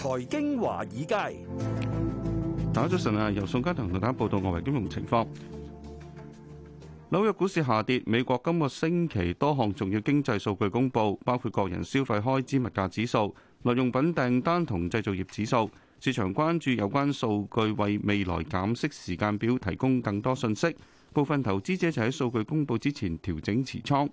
財經華爾街。大家早晨啊！由宋嘉騰同大家報道外圍金融情況。紐約股市下跌。美國今個星期多項重要經濟數據公布，包括個人消費開支物價指數、耐用品訂單同製造業指數。市場關注有關數據為未來減息時間表提供更多信息。部分投資者就喺數據公布之前調整持倉。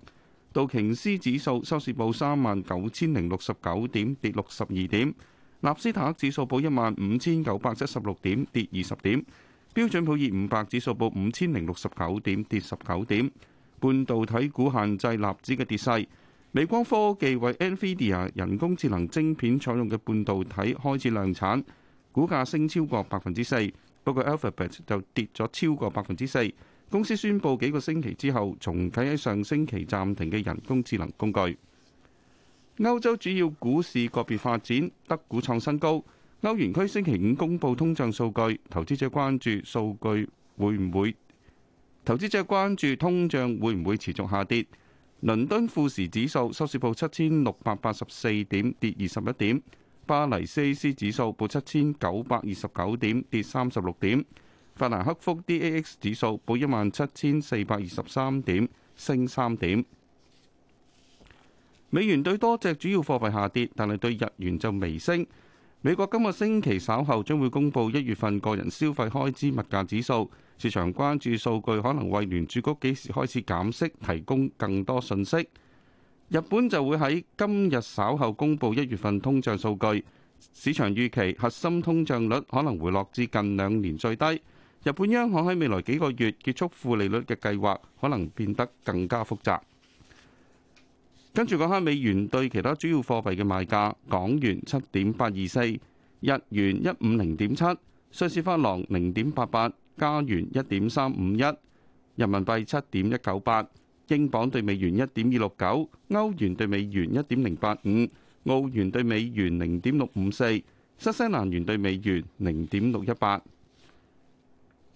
道瓊斯指數收市報三萬九千零六十九點，跌六十二點。納斯達克指數報一萬五千九百七十六點，跌二十點。標準普爾五百指數報五千零六十九點，跌十九點。半導體股限制納指嘅跌勢。美光科技為 NVIDIA 人工智能晶片採用嘅半導體開始量產，股價升超過百分之四。不過 Alphabet 就跌咗超過百分之四。公司宣布幾個星期之後重啟喺上星期暫停嘅人工智能工具。歐洲主要股市個別發展，德股創新高。歐元區星期五公布通脹數據，投資者關注數據會唔會？投資者關注通脹會唔會持續下跌？倫敦富時指數收市報七千六百八十四點，跌二十一點。巴黎 CAC 指數報七千九百二十九點，跌三十六點。法蘭克福 DAX 指數報一萬七千四百二十三點，升三點。美元對多隻主要貨幣下跌，但係對日元就微升。美國今個星期稍後將會公布一月份個人消費開支物價指數，市場關注數據可能為聯儲局幾時開始減息提供更多信息。日本就會喺今日稍後公布一月份通脹數據，市場預期核心通脹率可能回落至近兩年最低。日本央行喺未來幾個月結束負利率嘅計劃，可能變得更加複雜。跟住講下美元對其他主要貨幣嘅賣價：港元七點八二四，日元一五零點七，瑞士法郎零點八八，加元一點三五一，人民幣七點一九八，英鎊兌美元一點二六九，歐元兌美元一點零八五，澳元兌美元零點六五四，新西蘭元兌美元零點六一八。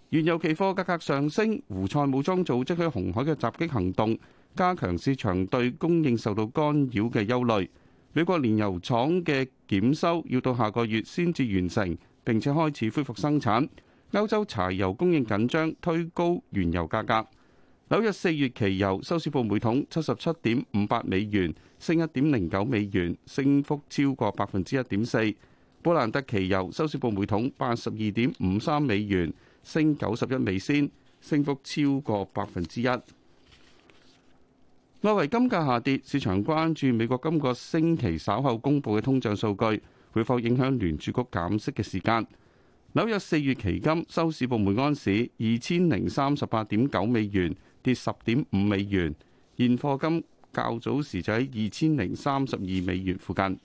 原油期貨價格上升，胡塞武裝組織喺紅海嘅襲擊行動，加強市場對供應受到干擾嘅憂慮。美國煉油廠嘅檢修要到下個月先至完成，並且開始恢復生產。歐洲柴油供應緊張，推高原油價格。紐約四月期油收市報每桶七十七點五八美元，升一點零九美元，升幅超過百分之一點四。布蘭特期油收市報每桶八十二點五三美元，升九十一美仙，升幅超過百分之一。外圍金價下跌，市場關注美國今個星期稍後公布嘅通脹數據，會否影響聯儲局減息嘅時間？紐約四月期金收市報每安士二千零三十八點九美元，跌十點五美元。現貨金較早時就喺二千零三十二美元附近。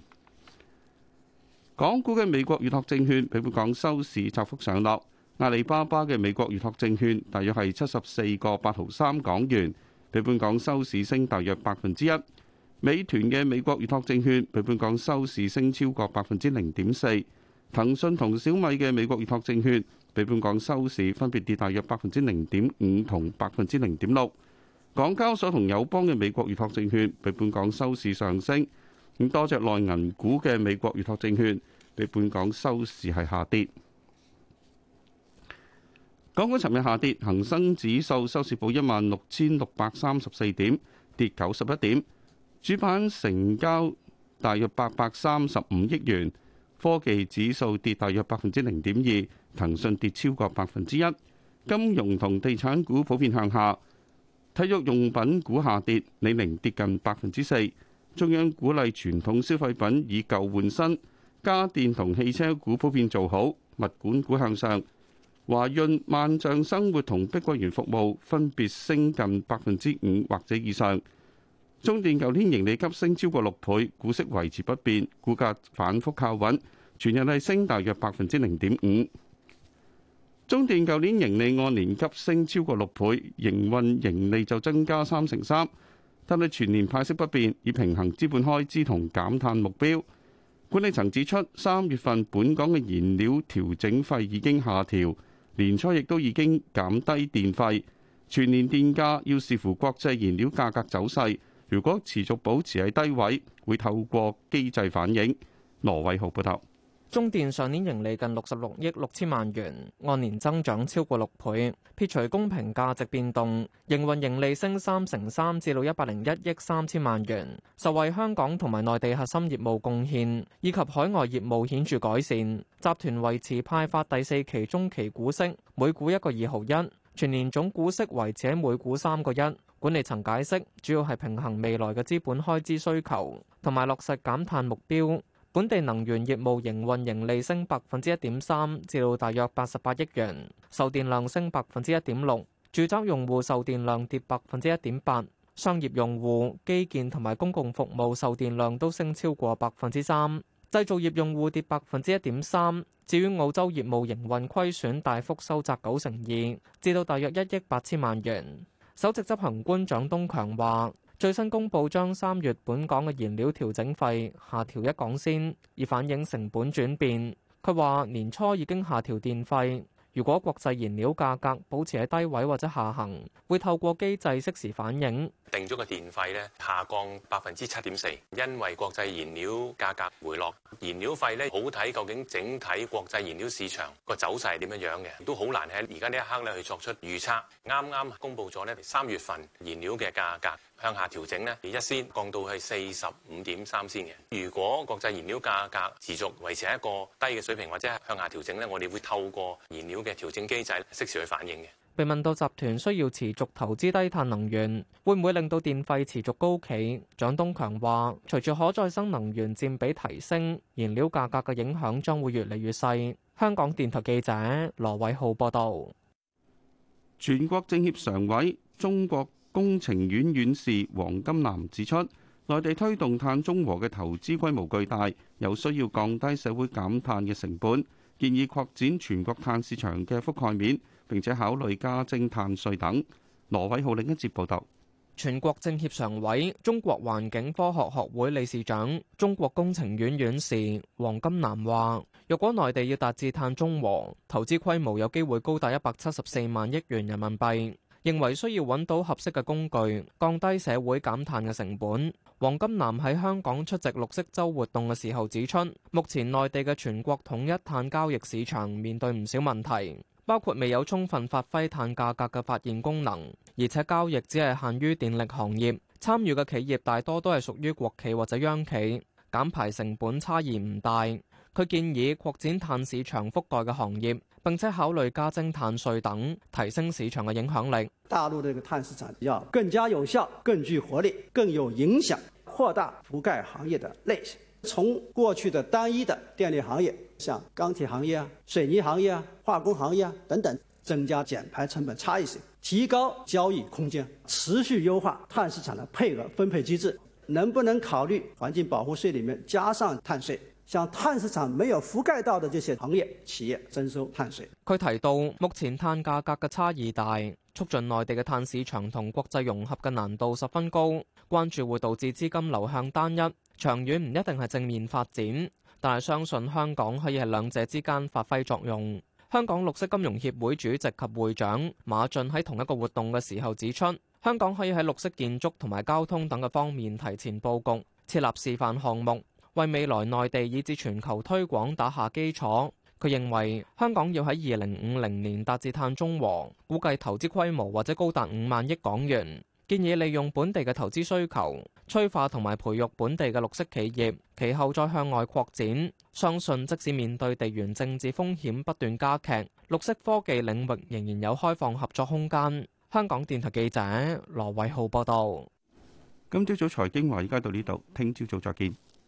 港股嘅美國預託證券，比香港收市窄幅上落。阿里巴巴嘅美國預託證券大約係七十四個八毫三港元。比本港收市升大約百分之一，美團嘅美國預託證券比本港收市升超過百分之零點四，騰訊同小米嘅美國預託證券比本港收市分別跌大約百分之零點五同百分之零點六，港交所同友邦嘅美國預託證券比本港收市上升，咁多隻內銀股嘅美國預託證券比本港收市係下跌。港股尋日下跌，恒生指數收市報一萬六千六百三十四點，跌九十一點。主板成交大約八百三十五億元。科技指數跌大約百分之零點二，騰訊跌超過百分之一。金融同地產股普遍向下，體育用品股下跌，李寧跌近百分之四。中央鼓勵傳統消費品以舊換新，家電同汽車股普遍做好，物管股向上。華潤萬象生活同碧桂園服務分別升近百分之五或者以上。中電舊年盈利急升超過六倍，股息維持不變，股價反覆靠穩，全日係升大約百分之零點五。中電舊年盈利按年急升超過六倍，營運盈利就增加三成三，但係全年派息不變，以平衡資本開支同減碳目標。管理層指出，三月份本港嘅燃料調整費已經下調。年初亦都已經減低電費，全年電價要視乎國際燃料價格走勢。如果持續保持喺低位，會透過機制反映。羅偉豪報道。中電上年盈利近六十六億六千萬元，按年增長超過六倍。撇除公平價值變動，營運盈利升三成三至到一百零一億三千萬元，受惠香港同埋內地核心業務貢獻，以及海外業務顯著改善。集團維持派發第四期中期股息，每股一個二毫一，全年總股息維持喺每股三個一。管理層解釋，主要係平衡未來嘅資本開支需求，同埋落實減碳目標。本地能源業務營運盈利升百分之一點三，至到大約八十八億元；售電量升百分之一點六，住宅用戶售電量跌百分之一點八，商業用戶、基建同埋公共服務售電量都升超過百分之三，製造業用戶跌百分之一點三。至於澳洲業務營運虧損大幅收窄九成二，至到大約一億八千萬元。首席執行官蔣東強話。最新公布將三月本港嘅燃料調整費下調一港仙，以反映成本轉變。佢話年初已經下調電費，如果國際燃料價格保持喺低位或者下行，會透過機制適時反映。定咗個電費呢下降百分之七點四，因為國際燃料價格回落。燃料費呢好睇究竟整體國際燃料市場個走勢係點樣樣嘅，都好難喺而家呢一刻呢去作出預測。啱啱公布咗呢三月份燃料嘅價格。向下調整呢，而一仙降到係四十五點三仙嘅。如果國際燃料價格持續維持喺一個低嘅水平或者係向下調整呢，我哋會透過燃料嘅調整機制，適時去反應嘅。被問到集團需要持續投資低碳能源，會唔會令到電費持續高企？蔣東強話：隨住可再生能源佔比提升，燃料價格嘅影響將會越嚟越細。香港電台記者羅偉浩報道。全國政協常委中國工程院院士黃金南指出，內地推動碳中和嘅投資規模巨大，有需要降低社會減碳嘅成本，建議擴展全國碳市場嘅覆蓋面，並且考慮加徵碳稅等。羅偉浩另一節報道，全國政協常委、中國環境科學學會理事長、中國工程院院士黃金南話：「若果內地要達至碳中和，投資規模有機會高達一百七十四萬億元人民幣。認為需要揾到合適嘅工具，降低社會減碳嘅成本。黃金南喺香港出席綠色周活動嘅時候指出，目前內地嘅全國統一碳交易市場面對唔少問題，包括未有充分發揮碳價格嘅發現功能，而且交易只係限於電力行業，參與嘅企業大多都係屬於國企或者央企，減排成本差異唔大。佢建議擴展碳市場覆蓋嘅行業，並且考慮加徵碳稅等，提升市場嘅影響力。大陸呢個碳市場要更加有效、更具活力、更有影響，擴大覆蓋行業的類型，從過去的單一的電力行業，像鋼鐵行業啊、水泥行業啊、化工行業啊等等，增加減排成本差異性，提高交易空間，持續優化碳市場的配額分配機制。能不能考慮環境保護稅裏面加上碳稅？向碳市場沒有覆蓋到的這些行業企業徵收碳稅。佢提到，目前碳價格嘅差異大，促進內地嘅碳市場同國際融合嘅難度十分高，關注會導致資金流向單一，長遠唔一定係正面發展。但係相信香港可以喺兩者之間發揮作用。香港綠色金融協會主席及會長馬駿喺同一個活動嘅時候指出，香港可以喺綠色建築同埋交通等嘅方面提前布局，設立示範項目。為未來內地以至全球推廣打下基礎。佢認為香港要喺二零五零年達至碳中和，估計投資規模或者高達五萬億港元。建議利用本地嘅投資需求，催化同埋培育本地嘅綠色企業，其後再向外擴展。相信即使面對地緣政治風險不斷加劇，綠色科技領域仍然有開放合作空間。香港電台記者羅偉浩報道。今朝早財經華爾街到這裏，而家到呢度，聽朝早再見。